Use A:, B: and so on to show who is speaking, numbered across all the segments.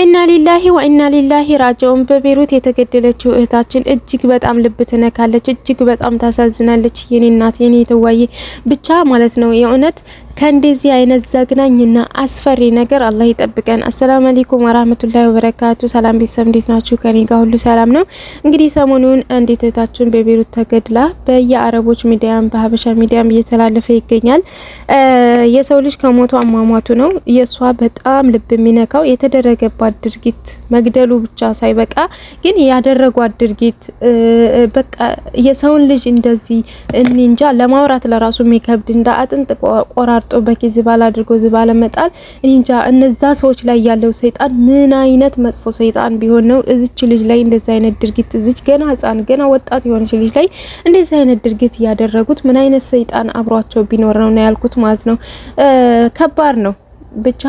A: ኢና ሊላሂ ወኢና ሊላሂ ራጂኡን። በቤሩት የተገደለችው እህታችን እጅግ በጣም ልብ ትነካለች። እጅግ በጣም ታሳዝናለች። የኔ እናት የኔ ተዋዬ ብቻ ማለት ነው የእውነት ከእንደዚህ አይነት ዘግናኝና አስፈሪ ነገር አላህ ይጠብቀን። አሰላም አለይኩም ወራህመቱላሂ ወበረካቱ። ሰላም ቤተሰብ እንዴት ናችሁ? ከኔ ጋር ሁሉ ሰላም ነው። እንግዲህ ሰሞኑን እንዴት እህታችን በቤሩት ተገድላ በየአረቦች ሚዲያም በሀበሻ ሚዲያም እየተላለፈ ይገኛል። የሰው ልጅ ከሞቱ አሟሟቱ ነው። የእሷ በጣም ልብ የሚነካው የተደረገባት ድርጊት መግደሉ ብቻ ሳይበቃ ግን ያደረጓት ድርጊት በቃ የሰውን ልጅ እንደዚህ እንንጃ ለማውራት ለራሱ የሚከብድ እንደ አጥንት ቆራር ቆርጦበት የዝባል አድርጎ ዝባለ መጣል እንጃ። እነዛ ሰዎች ላይ ያለው ሰይጣን ምን አይነት መጥፎ ሰይጣን ቢሆን ነው እዚች ልጅ ላይ እንደዚህ አይነት ድርጊት እዚች ገና ህፃን ገና ወጣት የሆነች ልጅ ላይ እንደዚህ አይነት ድርጊት ያደረጉት? ምን አይነት ሰይጣን አብሯቸው ቢኖር ነው ነው ያልኩት ማለት ነው። ከባድ ነው። ብቻ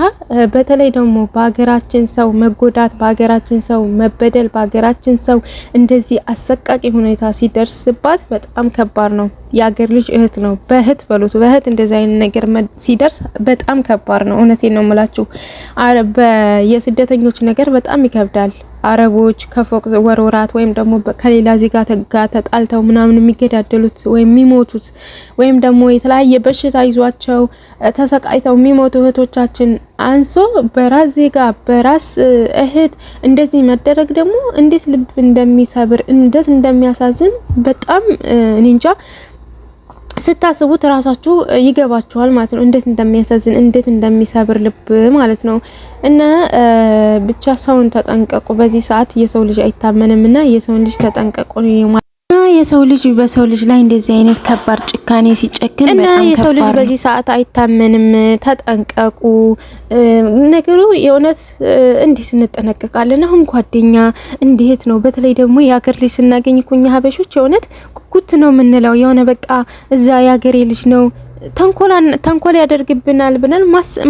A: በተለይ ደግሞ በሀገራችን ሰው መጎዳት፣ በሀገራችን ሰው መበደል፣ በሀገራችን ሰው እንደዚህ አሰቃቂ ሁኔታ ሲደርስባት በጣም ከባድ ነው። የአገር ልጅ እህት ነው፣ በእህት በሉት፣ በእህት እንደዚህ አይነት ነገር ሲደርስ በጣም ከባድ ነው። እውነቴን ነው የምላችሁ። የስደተኞች ነገር በጣም ይከብዳል። አረቦች ከፎቅ ወርወራት ወይም ደግሞ ከሌላ ዜጋ ተጋ ተጣልተው ምናምን የሚገዳደሉት ወይም የሚሞቱት ወይም ደግሞ የተለያየ በሽታ ይዟቸው ተሰቃይተው የሚሞቱ እህቶቻችን አንሶ በራስ ዜጋ በራስ እህት እንደዚህ መደረግ ደግሞ እንዴት ልብ እንደሚሰብር እንዴት እንደሚያሳዝን በጣም እኔ እንጃ። ስታስቡት ራሳችሁ ይገባችኋል ማለት ነው። እንዴት እንደሚያሳዝን እንዴት እንደሚሰብር ልብ ማለት ነው። እና ብቻ ሰውን ተጠንቀቁ። በዚህ ሰዓት የሰው ልጅ አይታመንም እና የሰውን ልጅ ተጠንቀቁ።
B: የሰው ልጅ በሰው ልጅ ላይ እንደዚህ አይነት ከባድ ጭካኔ ሲጨክን እና የሰው ልጅ
A: በዚህ ሰዓት አይታመንም። ተጠንቀቁ። ነገሩ የእውነት እንዴት እንጠነቀቃለን? አሁን ጓደኛ እንዴት ነው? በተለይ ደግሞ የሀገር ልጅ ስናገኝ እኮ እኛ ሀበሾች የእውነት ኩት ነው የምንለው። የሆነ በቃ እዛ የሀገሬ ልጅ ነው ተንኮል ያደርግብናል ብለን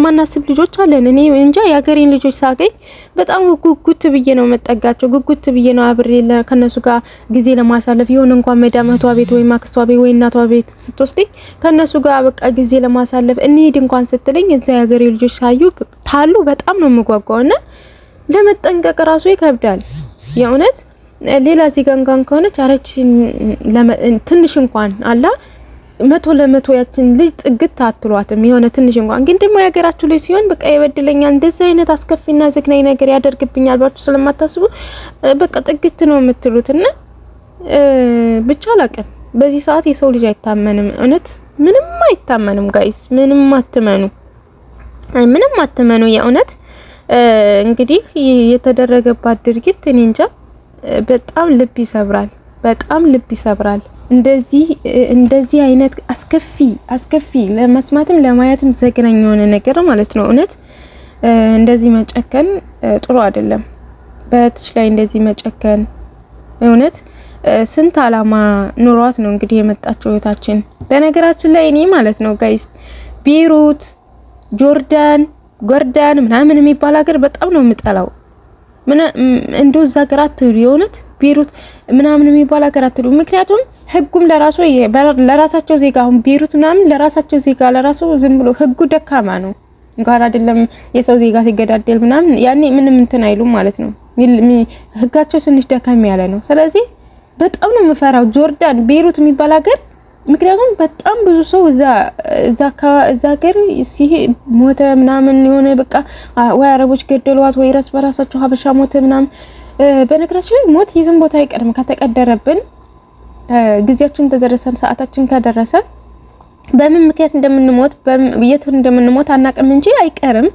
A: ማናስብ ልጆች አለን። እኔ እንጃ የሀገሬን ልጆች ሳገኝ በጣም ጉጉት ብዬ ነው መጠጋቸው፣ ጉጉት ብዬ ነው አብሬ ከነሱ ጋር ጊዜ ለማሳለፍ የሆነ እንኳን መዳመቷ ቤት ወይም አክስቷ ቤት ወይ እናቷ ቤት ስትወስደኝ ከነሱ ጋር በቃ ጊዜ ለማሳለፍ እኔ እንኳን ስትለኝ እዛ የሀገሬ ልጆች ሳዩ ታሉ በጣም ነው የምጓጓውና ለመጠንቀቅ ራሱ ይከብዳል የእውነት ሌላ ዜጋ እንኳን ከሆነች አረች ትንሽ እንኳን አላ መቶ ለመቶ ያችን ልጅ ጥግት አትሏትም። የሆነ ትንሽ እንኳን ግን ደግሞ የሀገራችሁ ልጅ ሲሆን በቃ ይበድለኛል፣ እንደዚህ አይነት አስከፊና ዘግናኝ ነገር ያደርግብኛል ብላችሁ ስለማታስቡ በቃ ጥግት ነው የምትሉትና ብቻ አላቅም። በዚህ ሰዓት የሰው ልጅ አይታመንም። እውነት ምንም አይታመንም። ጋይስ ምንም አትመኑ፣ ምንም አትመኑ። የእውነት እንግዲህ የተደረገባት ድርጊት እኔ እንጃ፣ በጣም ልብ ይሰብራል፣ በጣም ልብ ይሰብራል። እንደዚህ እንደዚህ አይነት አስከፊ አስከፊ ለመስማትም ለማየትም ዘግናኝ የሆነ ነገር ማለት ነው። እውነት እንደዚህ መጨከን ጥሩ አይደለም። በእህትሽ ላይ እንደዚህ መጨከን እውነት ስንት አላማ ኑሯት ነው እንግዲህ የመጣቸው እህታችን። በነገራችን ላይ እኔ ማለት ነው ጋይስ ቤሩት፣ ጆርዳን፣ ጎርዳን ምናምን የሚባል ሀገር በጣም ነው የምጠላው። ምን እንደዛ ሀገር አትሄዱ የእውነት ቤሩት ምናምን የሚባል ሀገር አትሉ። ምክንያቱም ህጉም ለራሱ ለራሳቸው ዜጋ አሁን ቤሩት ምናምን ለራሳቸው ዜጋ ለራሱ ዝም ብሎ ህጉ ደካማ ነው። እንኳን አይደለም የሰው ዜጋ ሲገዳደል ምናምን ያኔ ምንም እንትን አይሉም ማለት ነው። ህጋቸው ትንሽ ደካማ ያለ ነው። ስለዚህ በጣም ነው የምፈራው ጆርዳን ቤሩት የሚባል ሀገር ምክንያቱም በጣም ብዙ ሰው እዛ እዛ ሀገር ሞተ ምናምን የሆነ በቃ ወይ አረቦች ገደሏት ወይ ራስ በራሳቸው ሀበሻ ሞተ ምናምን በነገራችን ላይ ሞት የትም ቦታ አይቀርም። ከተቀደረብን ጊዜያችን ተደረሰን ሰዓታችን ከደረሰ በምን ምክንያት እንደምንሞት የቱን እንደምንሞት አናቅም እንጂ አይቀርም።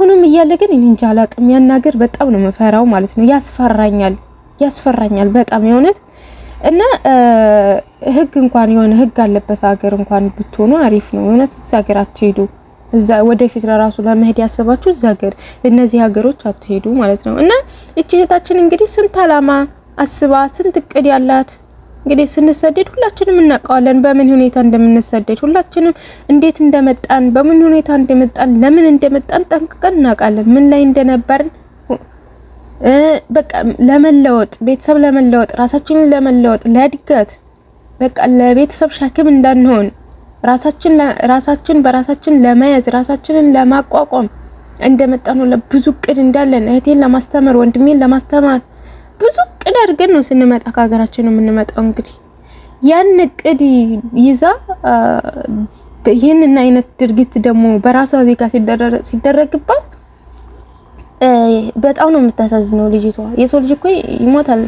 A: ሁኑም እያለ ግን እኔ እንጃ አላቅም። ያናገር በጣም ነው መፈራው ማለት ነው። ያስፈራኛል፣ ያስፈራኛል በጣም የሆነት እና ህግ እንኳን የሆነ ህግ አለበት ሀገር እንኳን ብትሆኑ አሪፍ ነው የሆነት እዚህ ሀገር እዛ ወደፊት ለራሱ ለመሄድ ያሰባችሁ እዛ ሀገር እነዚህ ሀገሮች አትሄዱ ማለት ነው። እና እቺ እህታችን እንግዲህ ስንት አላማ አስባ ስንት እቅድ ያላት እንግዲህ ስንሰደድ ሁላችንም እናውቀዋለን፣ በምን ሁኔታ እንደምንሰደድ ሁላችንም እንዴት እንደመጣን በምን ሁኔታ እንደመጣን ለምን እንደመጣን ጠንቅቀን እናውቃለን። ምን ላይ እንደነበርን በቃ ለመለወጥ ቤተሰብ ለመለወጥ ራሳችንን ለመለወጥ ለእድገት በቃ ለቤተሰብ ሸክም እንዳንሆን ራሳችን በራሳችን ለመያዝ ራሳችንን ለማቋቋም እንደመጣን ነው። ብዙ እቅድ እንዳለን እህቴን ለማስተማር ወንድሜን ለማስተማር ብዙ እቅድ አድርገን ነው ስንመጣ ከሀገራችን የምንመጣው። እንግዲህ ያን እቅድ ይዛ ይህንን አይነት ድርጊት ደግሞ በራሷ ዜጋ ሲደረግባት በጣም ነው የምታሳዝነው ልጅቷ። የሰው ልጅ እኮ ይሞታል።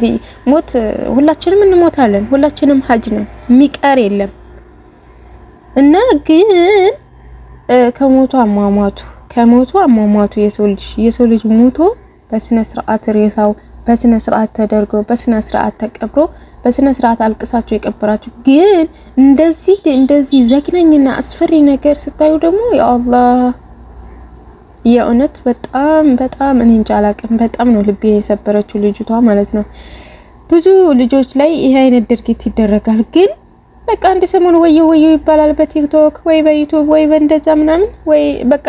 A: ሞት ሁላችንም እንሞታለን። ሁላችንም ሀጅ ነን፣ የሚቀር የለም። እና ግን ከሞቱ አሟሟቱ ከሞቱ አሟሟቱ የሰው ልጅ የሰው ልጅ ሞቶ በስነ ስርዓት ሬሳው በስነ ስርዓት ተደርጎ በስነ ስርዓት ተቀብሮ በስነ ስርዓት አልቅሳችሁ የቀበራችሁ። ግን እንደዚህ እንደዚህ ዘግናኝና አስፈሪ ነገር ስታዩ ደግሞ ያአላህ የእውነት በጣም በጣም እኔ እንጃ አላቅም። በጣም ነው ልቤ የሰበረችው ልጅቷ ማለት ነው። ብዙ ልጆች ላይ ይሄ አይነት ድርጊት ይደረጋል ግን በቃ አንድ ሰሞን ወይ ወይ ይባላል በቲክቶክ ወይ በዩቲዩብ ወይ በእንደዛ ምናምን ወይ በቃ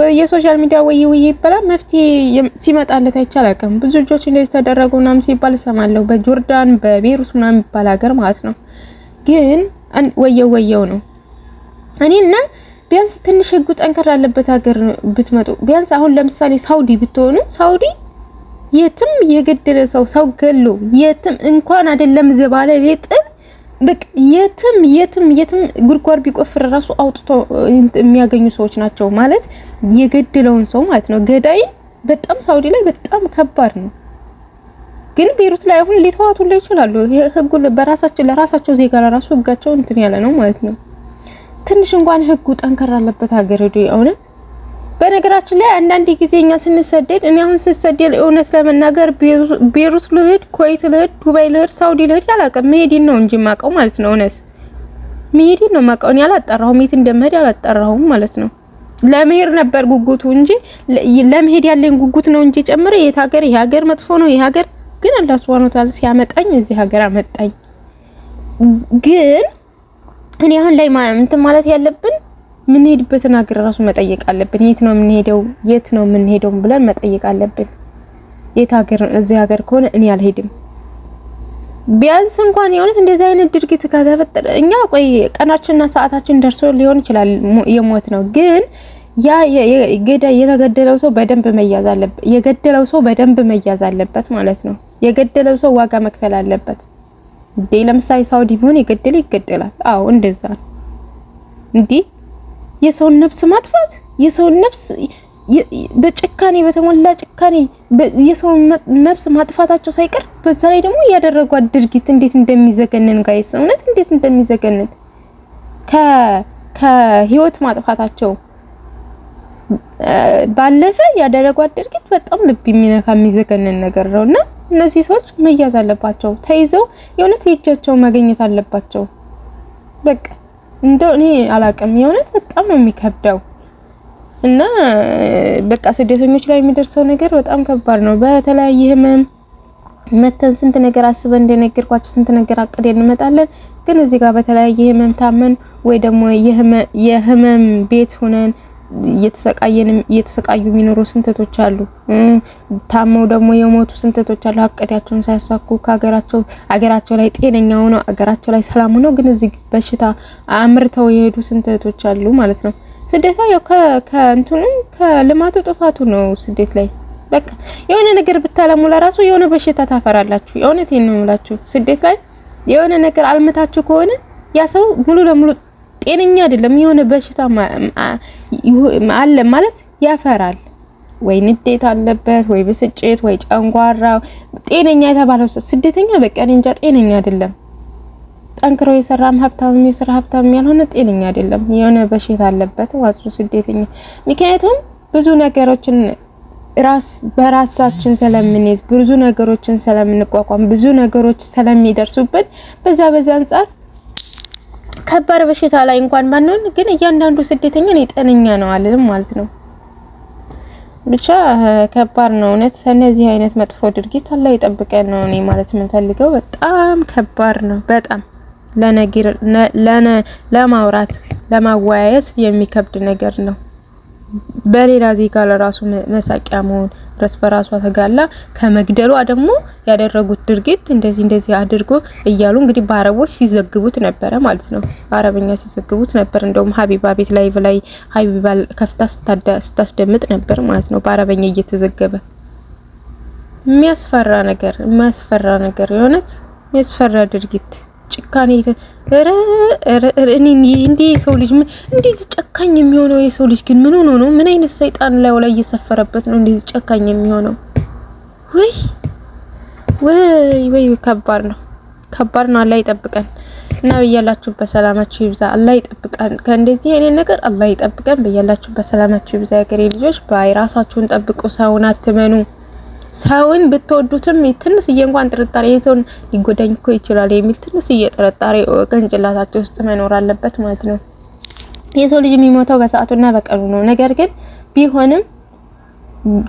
A: በየሶሻል ሚዲያ ወይ ወይ ይባላል። መፍትሄ ሲመጣለት አይቼ አላውቅም። ብዙ ልጆች እንደዚህ ተደረጉ ምናምን ሲባል እሰማለሁ። በጆርዳን በቤሩት ምናምን የሚባል ሀገር ማለት ነው። ግን ወየው ወየው ነው። እኔና ቢያንስ ትንሽ ህጉ ጠንከር ያለበት ሀገር ብትመጡ ቢያንስ አሁን ለምሳሌ ሳውዲ ብትሆኑ ሳውዲ የትም የገደለ ሰው ሰው ገሎ የትም እንኳን አይደለም ዘባለ ሌጥን በቃ የትም የትም የትም ጉድጓድ ቢቆፍር ራሱ አውጥቶ የሚያገኙ ሰዎች ናቸው ማለት የገደለውን ሰው ማለት ነው። ገዳይ በጣም ሳውዲ ላይ በጣም ከባድ ነው። ግን ቤሩት ላይ አሁን ሊተዋቱላ ይችላሉ። ህጉ በራሳቸው ለራሳቸው ዜጋ ለራሱ ህጋቸው እንትን ያለ ነው ማለት ነው። ትንሽ እንኳን ህጉ ጠንከር አለበት ሀገር ሄዱ እውነት በነገራችን ላይ አንዳንድ ጊዜ እኛ ስንሰደድ እኔ አሁን ስሰደድ እውነት ለመናገር ቤሩት ልሂድ፣ ኩዌት ልሂድ፣ ዱባይ ልሂድ፣ ሳውዲ ልሂድ አላውቅም። መሄድን ነው እንጂ የማውቀው ማለት ነው። እውነት መሄድን ነው የማውቀው። እኔ አላጠራሁም፣ የት እንደምሄድ አላጠራሁም ማለት ነው። ለመሄድ ነበር ጉጉቱ እንጂ ለመሄድ ያለኝ ጉጉት ነው እንጂ ጨምረ የት ሀገር ይሄ ሀገር መጥፎ ነው ይሄ ሀገር ግን አላህ Subhanahu Ta'ala ሲያመጣኝ እዚህ ሀገር አመጣኝ። ግን እኔ አሁን ላይ እንትን ማለት ያለብን የምንሄድበትን ሀገር ራሱ መጠየቅ አለብን። የት ነው የምንሄደው? የት ነው የምንሄደው ብለን መጠየቅ አለብን። የት ሀገር? እዚህ ሀገር ከሆነ እኔ አልሄድም። ቢያንስ እንኳን የሆነት እንደዚህ አይነት ድርጊት ከተፈጠረ እኛ ቆይ ቀናችንና ሰዓታችን ደርሶ ሊሆን ይችላል የሞት ነው ግን ያ የተገደለው ሰው በደንብ መያዝ አለበት። የገደለው ሰው በደንብ መያዝ አለበት ማለት ነው። የገደለው ሰው ዋጋ መክፈል አለበት። እንዴ ለምሳሌ ሳውዲ ቢሆን የገደለ ይገደላል። አዎ እንደዛ ነው የሰውን ነፍስ ማጥፋት የሰውን ነፍስ በጭካኔ በተሞላ ጭካኔ የሰውን ነፍስ ማጥፋታቸው ሳይቀር በዛ ላይ ደግሞ ያደረጓት ድርጊት እንዴት እንደሚዘገንን ጋይስ፣ እውነት እንዴት እንደሚዘገንን ከህይወት ማጥፋታቸው ባለፈ ያደረጓት ድርጊት በጣም ልብ የሚነካ የሚዘገንን ነገር ነው እና እነዚህ ሰዎች መያዝ አለባቸው። ተይዘው የእውነት የእጃቸው መገኘት አለባቸው በቃ እንደው እኔ አላቅም የሆነት በጣም ነው የሚከብደው እና በቃ ስደተኞች ላይ የሚደርሰው ነገር በጣም ከባድ ነው። በተለያየ ህመም መተን ስንት ነገር አስበን እንደነገርኳቸው ስንት ነገር አቅደን እንመጣለን። ግን እዚህ ጋር በተለያየ ህመም ታመን ወይ ደግሞ የህመም ቤት ሆነን እየተሰቃዩ የሚኖሩ ስንተቶች አሉ። ታመው ደግሞ የሞቱ ስንተቶች አሉ። አቀዳቸውን ሳያሳኩ ከሀገራቸው ሀገራቸው ላይ ጤነኛ ሆነው ሀገራቸው ላይ ሰላም ሆነው ግን እዚህ በሽታ አምርተው የሄዱ ስንተቶች አሉ ማለት ነው። ስደታ ያው ከእንትኑ ከልማቱ ጥፋቱ ነው። ስደት ላይ በቃ የሆነ ነገር ብታለሙ ለራሱ የሆነ በሽታ ታፈራላችሁ። የእውነቴን ነው የምላችሁ። ስደት ላይ የሆነ ነገር አልመታችሁ ከሆነ ያ ሰው ሙሉ ለሙሉ ጤነኛ አይደለም። የሆነ በሽታ አለ ማለት ያፈራል። ወይ ንዴት አለበት፣ ወይ ብስጭት፣ ወይ ጨንጓራ። ጤነኛ የተባለው ስደተኛ በቃ እንጃ ጤነኛ አይደለም። ጠንክሮ የሰራም ሀብታም የስራ ሀብታም ያልሆነ ጤነኛ አይደለም። የሆነ በሽታ አለበት ዋጽ ስደተኛ። ምክንያቱም ብዙ ነገሮችን ራስ በራሳችን ስለምንይዝ ብዙ ነገሮችን ስለምንቋቋም ብዙ ነገሮች ስለሚደርሱብን በዛ በዛ አንጻር ከባድ በሽታ ላይ እንኳን ባንሆን ግን እያንዳንዱ ስደተኛ ጤነኛ ነው አልልም ማለት ነው። ብቻ ከባድ ነው እውነት። እነዚህ አይነት መጥፎ ድርጊት አላህ ይጠብቀን ነው እኔ ማለት የምንፈልገው። በጣም ከባድ ነው። በጣም ለነገር ለማውራት ለማወያየት የሚከብድ ነገር ነው። በሌላ ዜጋ ለራሱ መሳቂያ መሆን ረስ በራሷ ተጋላ ከመግደሏ ደግሞ ያደረጉት ድርጊት እንደዚህ እንደዚህ አድርጎ እያሉ እንግዲህ በአረቦች ሲዘግቡት ነበረ ማለት ነው። በአረበኛ ሲዘግቡት ነበር። እንደውም ሀቢባ ቤት ላይ ላይ ሀቢባ ከፍታ ስታስደምጥ ነበር ማለት ነው። በአረበኛ እየተዘገበ የሚያስፈራ ነገር የሚያስፈራ ነገር የሆነት የሚያስፈራ ድርጊት ጭካኔ እንዴ! የሰው ልጅ እንደዚህ ጨካኝ የሚሆነው የሰው ልጅ ግን ምን ሆኖ ነው? ምን አይነት ሰይጣን ላይ ላይ እየሰፈረበት ነው እንደዚህ ጨካኝ የሚሆነው? ወይ ወይ ወይ! ከባድ ነው፣ ከባድ ነው። አላህ ይጠብቀን እና በያላችሁ በሰላማችሁ ይብዛ። አላህ ይጠብቀን ከእንደዚህ አይነት ነገር አላህ ይጠብቀን። በያላችሁ በሰላማችሁ ይብዛ። ያገሬ ልጆች ባይ ራሳችሁን ጠብቁ፣ ሰውን አትመኑ። ሰውን ብትወዱትም ትንሽዬ እንኳን ጥርጣሬ ሰውን ሊጎዳኝ እኮ ይችላል የሚል ትንሽዬ ጥርጣሬ ቅንጭላታቸው ውስጥ መኖር አለበት ማለት ነው። የሰው ልጅ የሚሞተው በሰዓቱና በቀኑ ነው። ነገር ግን ቢሆንም